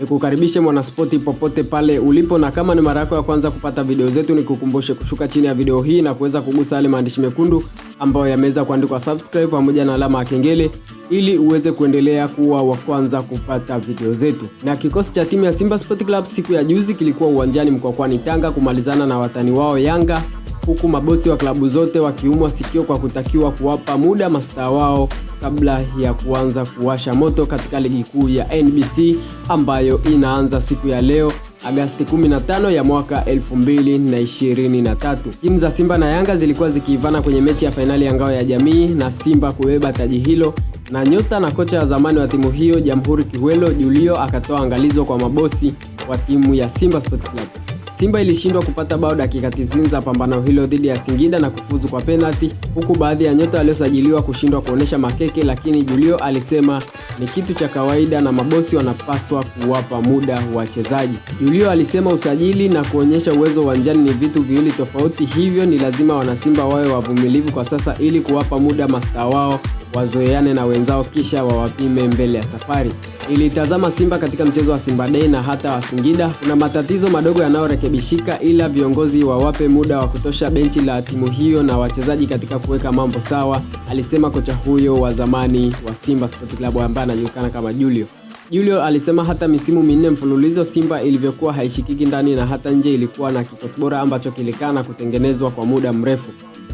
Nikukaribishe mwanaspoti popote pale ulipo, na kama ni mara yako ya kwanza kupata video zetu, nikukumbushe kushuka chini ya video hii na kuweza kugusa yale maandishi mekundu ambayo yameweza kuandikwa subscribe pamoja na alama ya kengele ili uweze kuendelea kuwa wa kwanza kupata video zetu. Na kikosi cha timu ya Simba Sport Club siku ya juzi kilikuwa uwanjani Mkwakwani Tanga kumalizana na watani wao Yanga huku mabosi wa klabu zote wakiumwa sikio kwa kutakiwa kuwapa muda mastaa wao kabla ya kuanza kuwasha moto katika ligi kuu ya NBC ambayo inaanza siku ya leo Agasti 15 ya mwaka 2023. Timu za Simba na Yanga zilikuwa zikiivana kwenye mechi ya fainali ya Ngao ya Jamii na Simba kubeba taji hilo na nyota na kocha wa zamani wa timu hiyo Jamhuri Kihwelo Julio akatoa angalizo kwa mabosi wa timu ya Simba Sport Club. Simba ilishindwa kupata bao dakika 90 za pambano hilo dhidi ya Singida na kufuzu kwa penalti, huku baadhi ya nyota waliosajiliwa kushindwa kuonesha makeke, lakini Julio alisema ni kitu cha kawaida na mabosi wanapaswa kuwapa muda wachezaji. Julio alisema usajili na kuonyesha uwezo uwanjani ni vitu viwili tofauti, hivyo ni lazima wanasimba wawe wavumilivu kwa sasa ili kuwapa muda mastaa wao wazoeane na wenzao kisha wawapime mbele ya safari. Ilitazama Simba katika mchezo wa Simba Day na hata wa Singida. Kuna matatizo madogo yanayorekebishika, ila viongozi wawape muda wa kutosha benchi la timu hiyo na wachezaji katika kuweka mambo sawa, alisema kocha huyo wa zamani wa Simba Sport Club ambaye anajulikana kama Julio. Julio alisema hata misimu minne mfululizo Simba ilivyokuwa haishikiki ndani na hata nje, ilikuwa na kikosi bora ambacho kilikaa na kutengenezwa kwa muda mrefu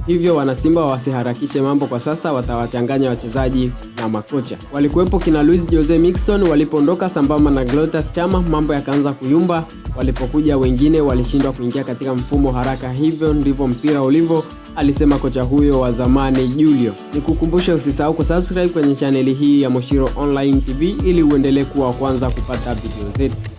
hivyo wanasimba wasiharakishe mambo kwa sasa, watawachanganya wachezaji na makocha. Walikuwepo kina louis Jose Mixon, walipoondoka sambamba na Clatous Chama, mambo yakaanza kuyumba. Walipokuja wengine walishindwa kuingia katika mfumo haraka, hivyo ndivyo mpira ulivyo, alisema kocha huyo wa zamani Julio. ni kukumbushe usisahau kusubscribe kwenye chaneli hii ya Moshiro Online TV ili uendelee kuwa wa kwanza kupata video zetu.